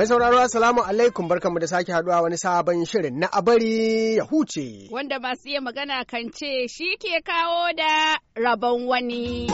Mai sauraro Assalamu alaikum barkanmu da sake haduwa wani sabon shirin na abari ya huce. Wanda masu iya magana kan ce shi ke kawo da rabon wani.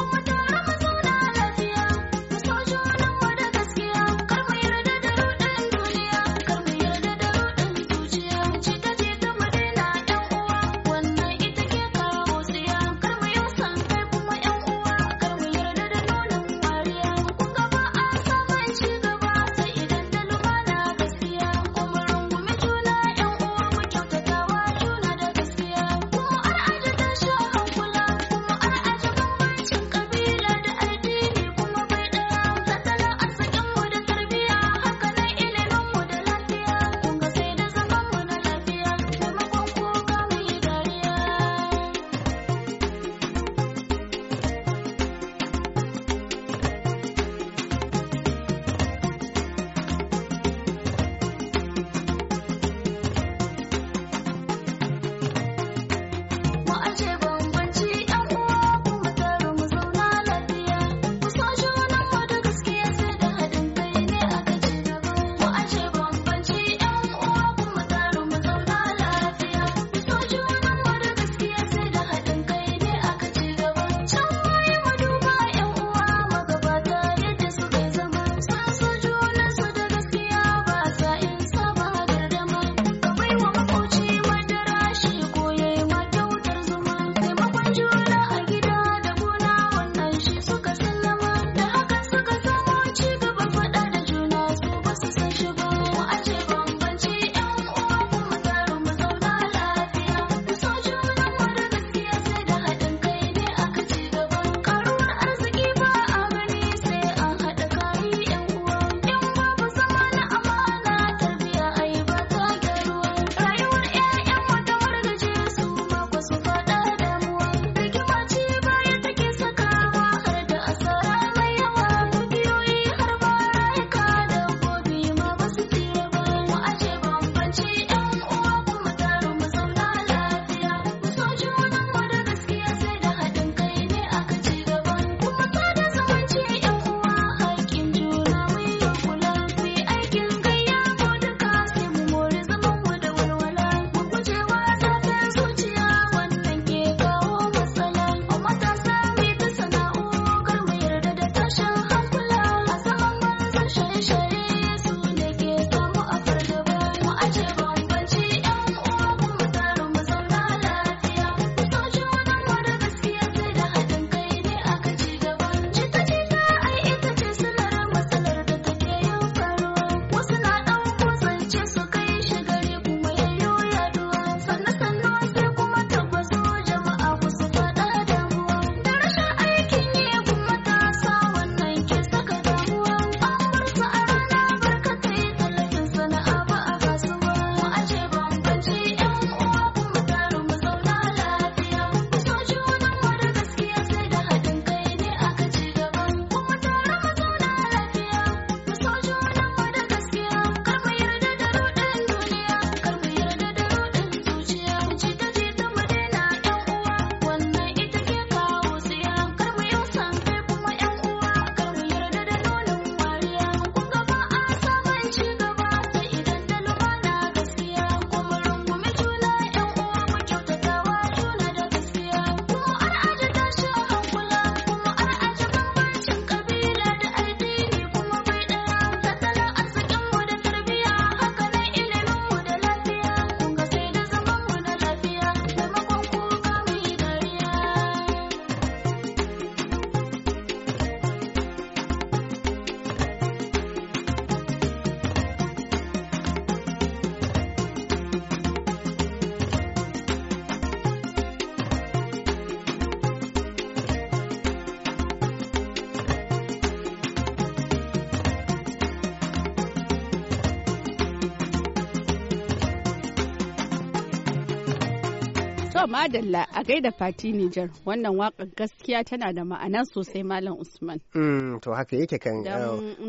To madalla a gaida fati Nijar wannan waƙar gaskiya tana da ma'ana sosai Malam Usman. Mm, to haka yake kan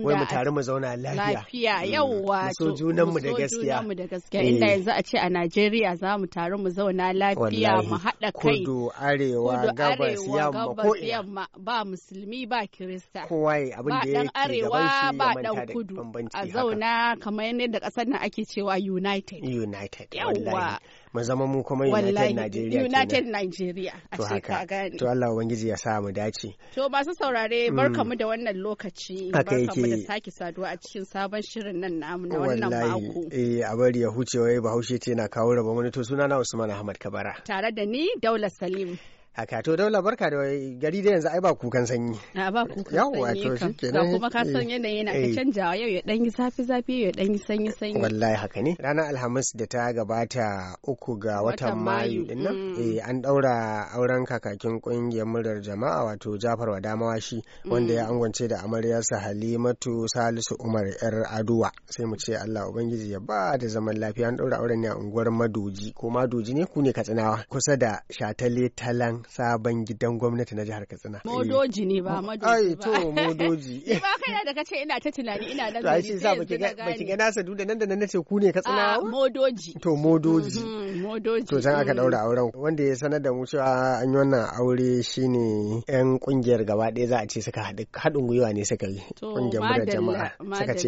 wai mu tare mu zauna lafiya. Lafiya yawwa. Mm, so junan mu da gaskiya. Junan mu da gaskiya eh. inda yanzu a ce a Najeriya za mu tare mu zauna lafiya mu haɗa kai. Kudu arewa gabas yamma ko yamma ba musulmi ba kirista. Kowa ya abin da yake arewa ba dan kudu. A zauna kamar yadda ƙasar nan ake cewa United. United. Yawwa. mu zama mu kuma United Nigeria United Nigeria a ce ka gani. to Allah ubangiji ya sa mu dace to masu saurare barkamu mm. da wannan lokaci barkamu da sake saduwa a cikin sabon shirin nan na wannan mako eh a bari ya huce wai Bahaushe ce na kawo rabon wani to sunana Usman Ahmad Kabara tare da ni Daula Salim haka to daula barka da gari da yanzu ai ba kukan sanyi a ba kukan sanyi yawa to shikenan kuma ka san eh, yanayi yana ta eh. canjawa yau ya dan yi zafi zafi yau ya dan yi sanyi sanyi wallahi haka ne ranar alhamis da ta gabata uku ga watan mayu din nan mm. eh an daura auren kakakin kungiyar murar jama'a wato Jafar Wadamawashi wanda ya mm. angwance da amaryarsa Halimatu Salisu Umar yar Aduwa sai mu ce Allah ubangiji ya ba da zaman lafiya an daura auren ne a unguwar Madoji ko Madoji ne ku ne Katsinawa kusa da Shatale Talan sabon gidan gwamnati na jihar Katsina. Modoji ne ba madoji ba. Ai to modoji. Ni ba kai da kace ina ta tunani ina da zai. To shi sa baki ga baki ga da nan da nan nace ku ne Katsina. Modoji. To modoji. Mhm, modoji. To can aka daura auren wanda ya sanar da mu cewa an yi wannan aure shine yan kungiyar gaba ɗaya za a ce suka haɗu haɗin gwiwa ne suka yi. Kungiyar mu da jama'a suka ce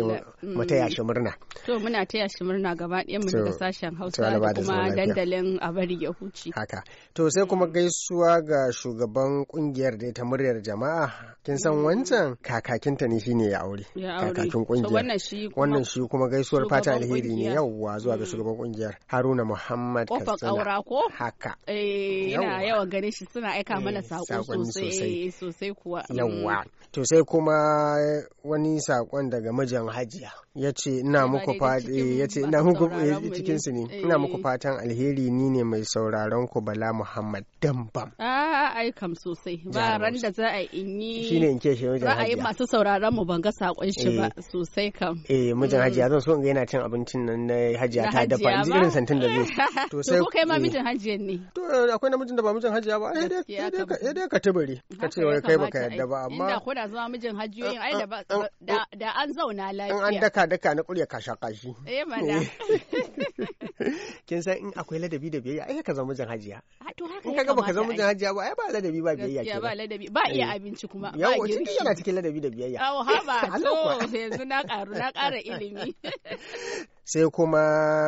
mu taya shi murna. To muna taya shi murna gaba ɗaya mu daga sashen Hausa da kuma dandalin a bari ya huce. Haka. To sai kuma gaisuwa uwa ga shugaban kungiyar da ta muryar jama'a kin san mm. wancan kakakin ta ne shine ya aure kakakin kungiyar wannan shi kuma gaisuwar fata alheri ne yauwa zuwa ga mm. shugaban kungiyar Haruna Muhammad Kofar ko haka eh ina yawa gare shi suna aika eh, mana sako sosai sosai kuwa mm. yauwa to sai kuma wani sakon daga mijin Hajiya yace eh, ina muku fadi eh, yace ina muku cikin su ne ina muku fatan alheri ni ne mai sauraron ku Bala Muhammad Dambam kuwa ah, ai kam sosai ba ran da za a in yi shine in ce shi mijin hajiya ra'ayin masu sauraron mu ban ga sakon shi ba eh. sosai kam eh mijin mm. hajiya zan so in ga yana cin abincin nan na hajiya ta dafa in ji irin santin da zai to sai ko kai ma mijin hajiya ne to akwai namijin da ba mijin hajiya ba eh dai ka tabari ka ce wai kai baka yadda ba amma inda ko da zama mijin hajiyoyin ai da da an zauna lafiya an daka daka na kurya kasha kashi eh mana kin san in akwai ladabi da biyayya ai ka zama mijin hajiya to haka in kaga baka zama na hajiya ba ai ba ladabi ba biyayya ke ba ladabi ba iya eh. abinci kuma ba yawo cikin yana cikin ladabi da biyayya awo ha ba to yanzu na karu na kara ilimi sai kuma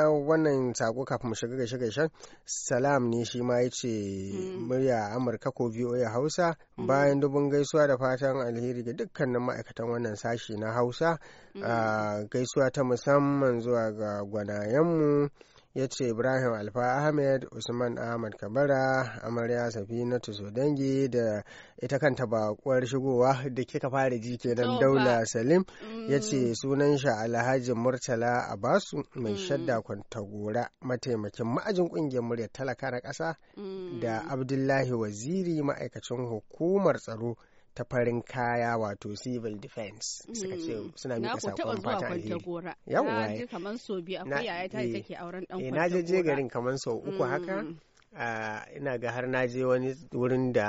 wannan sako kafin mu shiga gaishe gaishen salam ne shi ma yace mm. murya amurka ko voa hausa mm. bayan dubun gaisuwa da fatan alheri ga dukkanin ma'aikatan wannan sashi na hausa mm. ah, gaisuwa ta musamman zuwa ga gwanayenmu ya ce ibrahim alfa ahmed usman ahmad kabara amarya safinatu sodangi da ita kanta bakuwar shigowa da kika fara ji kenan daula salim ya ce mm. sunan shi alhaji murtala abasu mai mm. shadda kwantagora mataimakin ma'ajin kungiyar muryar talaka na ƙasa da mm. abdullahi waziri ma'aikacin hukumar tsaro ta farin kaya wato civil defense suka ce mm. suna mika sakon fata alheri yawwa na je kamar so biyu akwai yaya ta eh. take auren dan kwanta eh, na je garin kamar so uku haka mm. ina ga har na je wani wurin da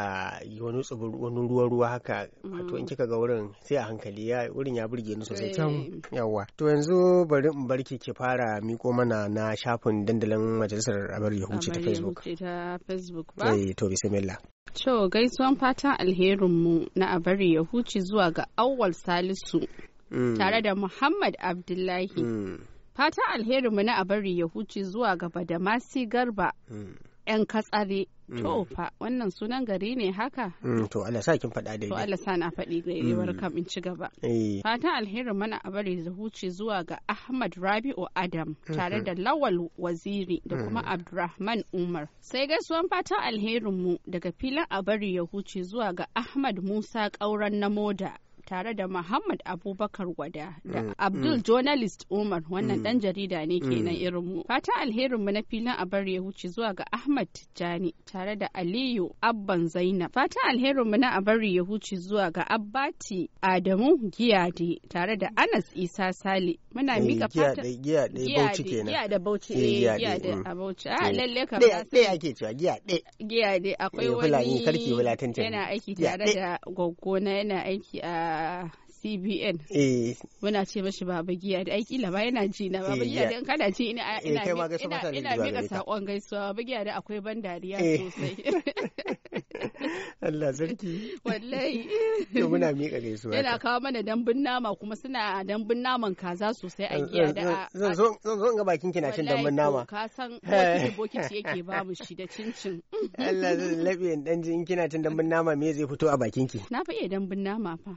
wani tsibir wani ruwa ruwa haka wato mm-hmm. in kika ga wurin sai a hankali ya wurin ya burge ni sosai can yawa to yanzu bari in bar ki fara miko mana na shafin dandalin majalisar abar yahuci ta facebook ta facebook ba eh to bismillah To gaisuwan fatan alherinmu na abar ya huce zuwa ga awwal salisu mm. tare da Muhammad Abdullahi. Mm. Fatan alherinmu na abar ya huce zuwa ga Badamasi Garba mm. 'yan katsare. Mm. To wannan sunan gari ne haka? Mm, to Allah sa kin faɗa daidai. To Allah sa na faɗi daidai bar mm. kam in ci gaba. Eh. Fatan alherin mana a bari huce zuwa ga Ahmad Rabi'u Adam mm-hmm. tare da Lawal Waziri da kuma Abdurrahman Umar. Sai gaisuwan fatan alherin mu daga filin a bari ya huce zuwa ga Ahmad Musa Kauran na Moda tare da Muhammad Abubakar Gwada da mm, Abdul mm. Journalist Umar wannan dan mm. jarida ne kenan irin mu. Fatan alherinmu na filin a bar ya wuce zuwa ga Ahmad Jani. tare da Aliyu Abban Zainab. Fatan alherinmu na a bar ya wuce zuwa ga Abbati Adamu Giyade tare da Anas Isa Sale. Muna mika fatan Giyade Bauchi kenan. Giyade eh, Bauchi eh Giyade Bauchi. A ah, eh, lalle ka ba. Ɗaya ake cewa Giyade. Giyade akwai eh, wani yana aiki tare da gwaggona yana aiki a a cbn eh. muna ce mashi baba giya da aiki laba yana ji na baba eh, giya da kana ji ina ina eh, ina mika sakon gaisuwa baba giya da akwai ban dariya sosai Allah sarki. Wallahi. Yau muna miƙa gaisuwa. Yana kawo mana dambun nama kuma suna dambun naman kaza sosai a giya da Zan zo in ga bakin kina cin dambun nama. Ka san bokici bokici yake ba mu shi da cincin. Allah zan labe in dan in kina cin dambun nama me zai fito a bakin ki? Na fa iya dambun nama fa.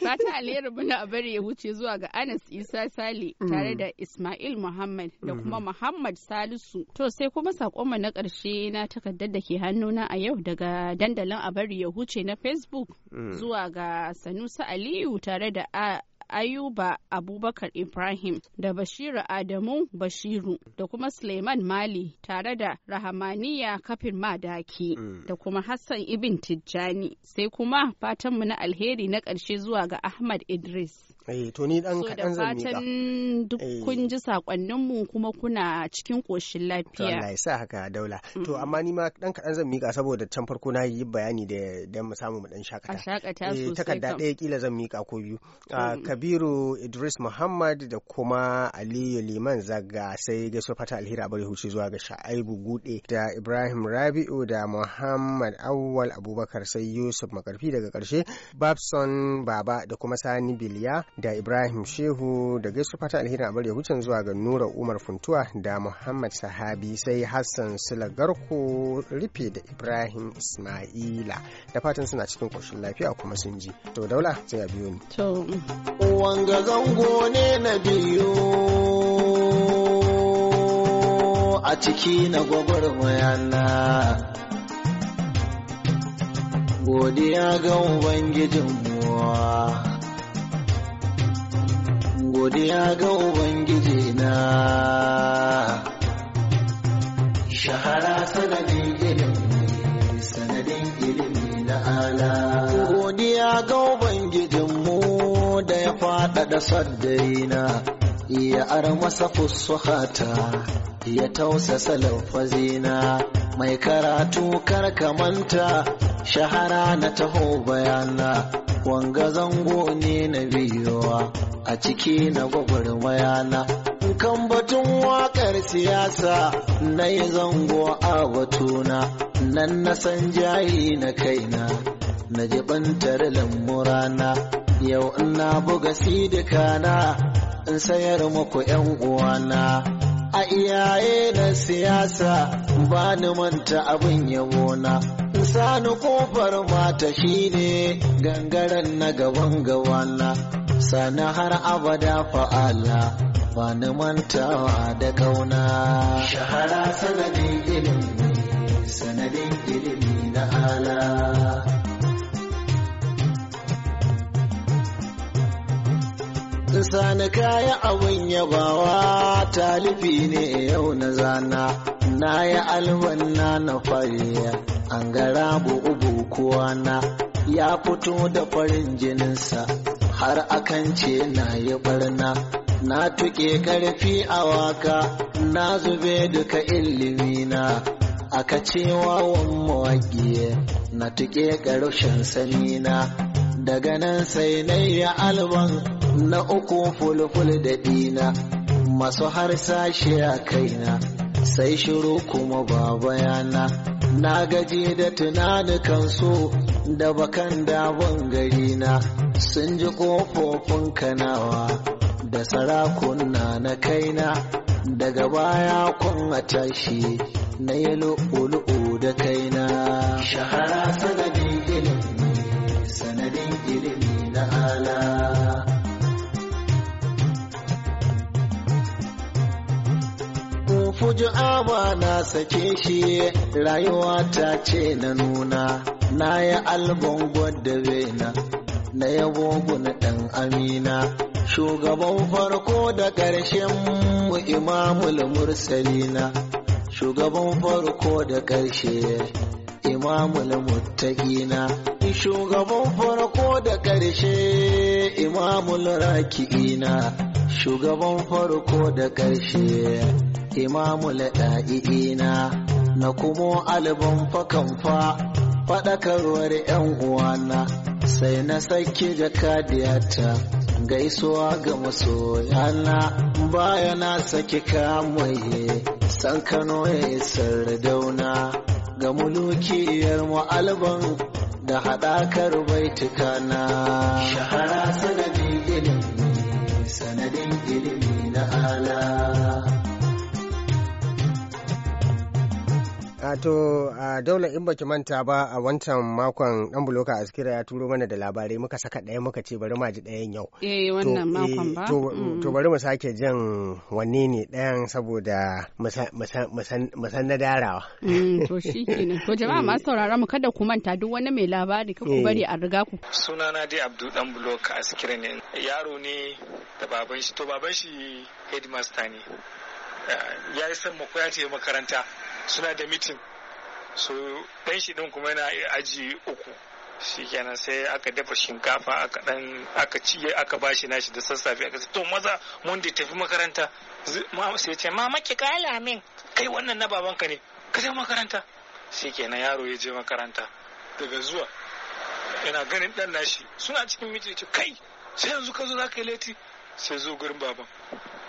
Fata alheri muna bari ya wuce zuwa ga Anas Isa Sale tare mm. da Ismail Muhammad da kuma mm-hmm. Muhammad Salisu. To sai kuma sakon mu na ƙarshe na takardar da ke hannuna a yau daga dandalin dandalin a bari ya huce na facebook mm. zuwa ga sanusa aliyu tare da ayuba abubakar ibrahim da bashiru adamu bashiru da kuma suleiman mali tare da rahamaniya kafin madaki mm. da kuma hassan ibin tijjani sai kuma fatanmu na alheri na ƙarshe zuwa ga ahmad idris Eh to ni dan kaɗan zan miƙa. fatan duk eh. kun ji sakonninmu kuma kuna cikin ƙoshin lafiya. To Allah ya sa haka daula. To amma ni ma dan kaɗan zan miƙa saboda can farko na yi bayani da dan mu samu mu dan shakata. A shakata eh, sosai. takarda ɗaya kila zan miƙa ko biyu. Ah, Kabiru Idris Muhammad da kuma Aliyu Liman Zaga sai gaisuwa fata alhira a bari huce zuwa ga Sha'aibu Gude da Ibrahim Rabi'u da Muhammad Awwal Abubakar sai Yusuf Makarfi daga ƙarshe Babson Baba da kuma Sani Biliya da Ibrahim Shehu da gaisu fata alheri a Barya hucin zuwa ga Nura Umar Funtuwa da Muhammad Sahabi sai Hassan sulagarko rufe da Ibrahim Ismaila da fatan suna cikin koshin lafiya kuma sun ji. To daula sai a biyo ni. Wanga ne na biyu a ciki na gwagwarmayana. Godiya ga Ubangijinmu. godiya ga ubangiji na shahara sanadin ilimi sanadin ilimi na ala godiya ga ubangijinmu da ya faɗaɗa saddaina ya armasa fusuhata ya tausasa lafazina mai karatu kar ka manta, shahara na taho bayana wanga zango ne na biyuwa a ciki na gwagwarmaya na kan batun wakar siyasa na yi zango a batuna nan na san jayi na kaina na jibantar lamurana yau na buga sidikana in sayar muku yan uwana a iyaye na siyasa ba ni manta abin yabona sani kofar mata shine gangaren na gaban gawana sani har abada fa'ala ba ni mantawa da kauna shahara sanadin ilimi sanadin ilimi na ala sani kaya abin yabawa talibi ne yau na zana na ya alwanna na fariya an gara bubu na ya fito da farin jininsa har akan ce na yi barna na tuke karfi a waka na zube duka ilimina aka cewa wan mawaƙiye na tuke ƙarshen sanina daga nan sai na yi alban na uku fulful da dina masu harsashe a kaina sai shiru kuma ba bayana na gaji da kan so da bakan dabon gari na sun ji ƙofofin kanawa da sarakuna na kaina daga baya kun a tashi na yi lu'ulu'u da kaina shahara sanar guji na sake shi rayuwa ta ce na nuna na yi albon gwada na na yabo na ɗan amina shugaban farko da ƙarshen mu imamul mursalina shugaban farko da ƙarshe imamul muttaqina shugaban farko da ƙarshe imamul raki'ina shugaban farko da ƙarshe Imamu ɗa'i'ina na kuma albin fakanfa faɗakarwar 'yan uwana sai na sake jakadiyata gaisuwa ga masoyana baya na sake kamaye san kano ya isar dauna ga mulukiyar mu'alban da haɗakar na. shahara sanadin ilimi sanadin ilimi na ala A to a daula in baki manta ba a wancan makon dan buloka askira ya turo mana da labarai muka saka ɗaya muka ce bari ma ji ɗayan yau. Eh wannan eh, makon ba. Mm. To bari mu sake jin wanne ne ɗayan saboda mu san na darawa. Mm, to shi To jama'a eh. masu sauraron mu kada ku manta duk wani mai labari ka ku eh. bari a riga ku. Sunana dai Abdu dan buloka askira ne. Yaro ne da baban shi to baban shi headmaster ne. Ya yi san mu ce makaranta. suna da mitin su dan shi din kuma yana aji uku shikenan sai aka dafa shinkafa aka dan aka ciye aka bashi nashi da sassafe aka to maza mun da tafi makaranta sai ce mama ki kala min kai wannan na babanka ne ka je makaranta shikenan yaro ya je makaranta daga zuwa yana ganin dan nashi suna cikin miji ce kai sai yanzu ka zo za ka yi leti sai zo gurin baban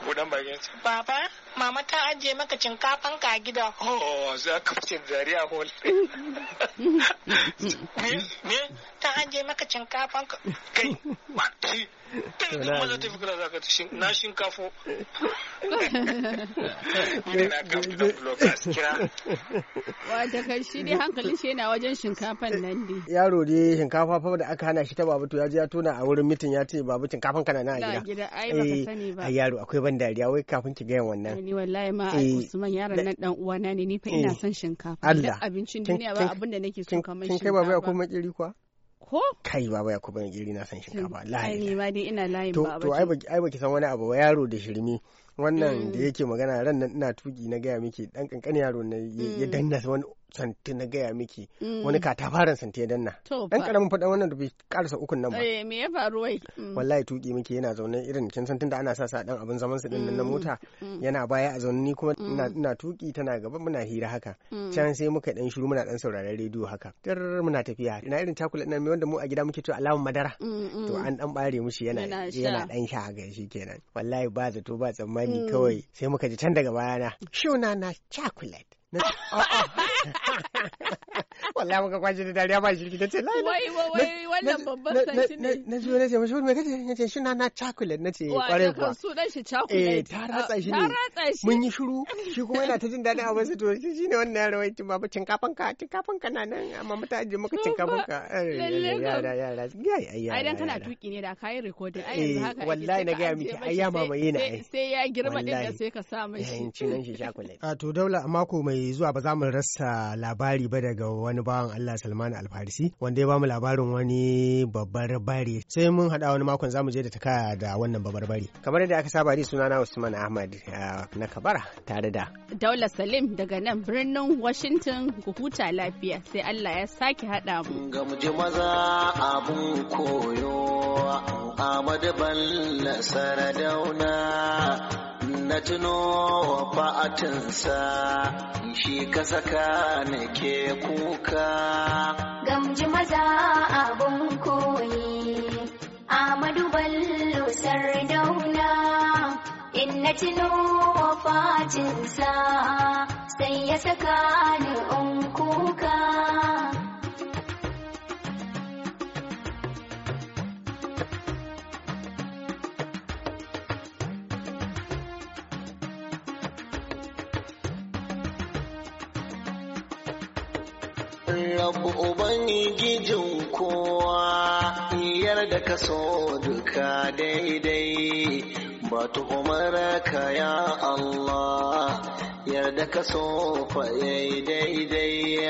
budan bakin baba mama ta ajiye maka cinkafan ka a gida oh za ka fice zariya hol me ta ajiye maka shinkafan ka kai na shinkafo Ina na kafi da blokas kira wata karshe ne hankalin shi yana wajen shinkafan nan ne yaro ne shinkafa fa da aka hana shi ta babu to ya je ya tona a wurin mitin ya ce babu shinkafan kana na a gida ai baka eh, sani ba yaro akwai ban dariya wai kafin ki ga wannan ni wallahi ma eh, Usman yaron nan dan uwa na ne ni fa ina eh, son shinkafa duk abincin duniya ba abin da nake so kamar shinkafa kin kai baba ya makiri kwa ko kai baba ya kuma na son shinkafa lahi ni ma dai ina layin baba to ai baki ai baki san wani abu ba yaro da shirmi wannan da mm. yake magana ran nan ina tuki na gaya miki dan kankan yaro ne ya mm. danna wani santi na gaya miki mm. wani katafaren santi ya danna dan karamin fada wannan da bai karasa ukun nan ba eh me ya faru wai mm. wallahi tuki miki yana zaune irin kin san tunda ana sa sa dan abin zaman su din na mm. mota yana baya a zaune ni kuma ina ina tuki tana gaba muna hira haka can sai muka dan shiru muna dan sauraron rediyo haka tar muna tafiya ina irin chocolate nan me wanda mu a gida muke to alamun madara to an dan bare mushi yana yana dan sha ga shi kenan wallahi ba zato ba tsammani kawai sai muka ji can daga bayana shuna na chocolate na ce wallahi muka kwace da dariya ba shirki ta ce lai wai wai wannan babban sanci ne na zo na ce mashi me kace na ce shina na chocolate na ce kware kuwa su dan shi chocolate eh ta ratsa shi ne mun yi shiru shi kuma yana ta jin dadin abin sa to shi ne wannan yaron wai babu cinkafan ka cinkafan ka na nan amma mata aje maka cinkafan eh, ka yara yara yayi ai dan kana tuki ne da kai recording ai yanzu eh, haka wallahi na ga miki ai ya mamaye na ai sai ya girma din da sai ka sa mashi cin shi chocolate a to daula a mako mai zuwa ba za mu rasa labari ba daga wani bawan Allah Salman Alfarisi wanda ya bamu labarin wani babbar bare sai mun hada wani makon zamu je da taka da wannan babbar bare kamar yadda aka saba ni sunana Usman Ahmad na Kabara tare da Daula Salim daga nan birnin Washington ku huta lafiya sai Allah ya sake haɗa mu ga mu je maza abun koyo Ahmad Dauna na tuno fa'atinsa shi ka saka ke kuka gamji maza abun koyi amadu ballo sardauna in na tuno fatinsa sai ya saka ni ubangijin kowa iyar da ka so duka daidai ba tuhumar ka ya Allah yarda ka so faɗai daidai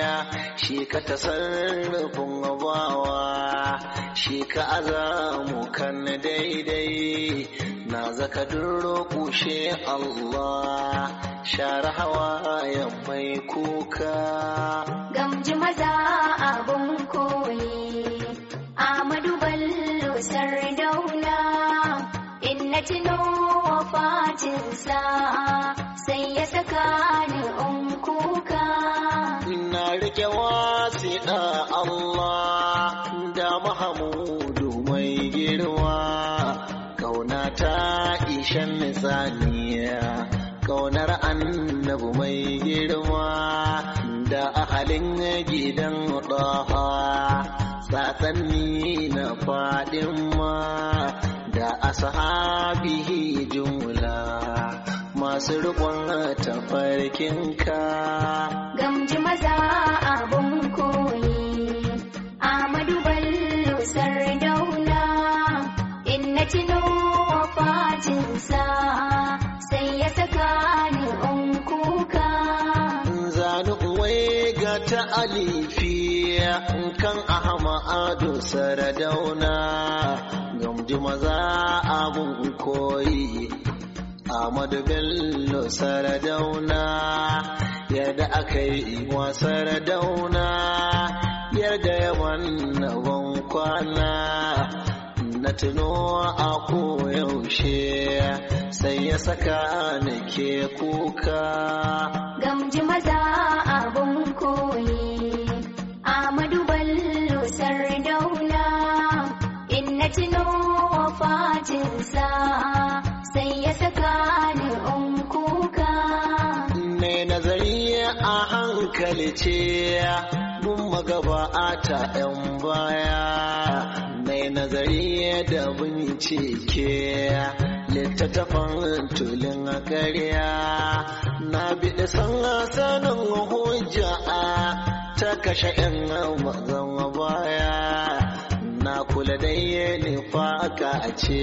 shi ka tasarrufin bawa shi ka azamu kan daidai zaka roƙo she Allah share hawa ya mai kuka gamji maza abun koyi Amadu Bello Sardauna in na tuno sa, sai ya saka ni kuka shan misaniya kaunar annabu mai girma da ahalin gidan ɗaha sasanni na faɗin ma da ashabihi jumla masu riƙon ka gamji maza abun koyi amadu ballo sardauna in na bacinsa sai ya saka ni in kuka. Zanu uwai ga ta alifi kan Ahmadu Saradauna gamji maza abun koyi. Ahmadu Bello Saradauna yadda aka yi wa Saradauna yarda yawan kwana. tuno a koyaushe sai ya saka ke kuka gamji maza abun koyi amadu ballo sardauna in na tuno fatinsa sai ya saka ni un kuka mai nazari a hankali ce mun magaba ta 'yan baya nazari da bincike littattafan tulin a karya na biɗi san sanin hujja ta kashe ɗin mazan baya na kula da ne faka ce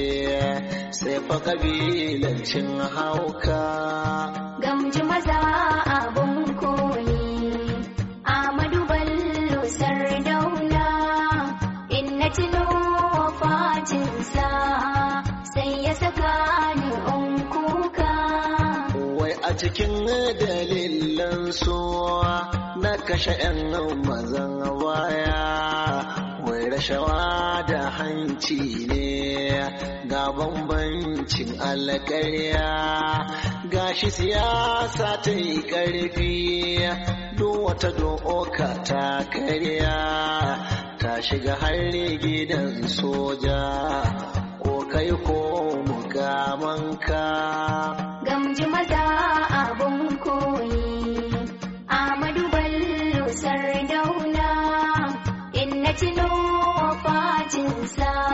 sai fa kabilancin hauka gamji maza abun cikin dalilan suwa na kashe 'yan mazan waya mai rashawa da hanci ne ga bambancin alƙarya gashi siyasa ta yi ƙarfi duk wata doka ta karya ta shiga hari gidan soja ko kai ko mukamanka. 金色。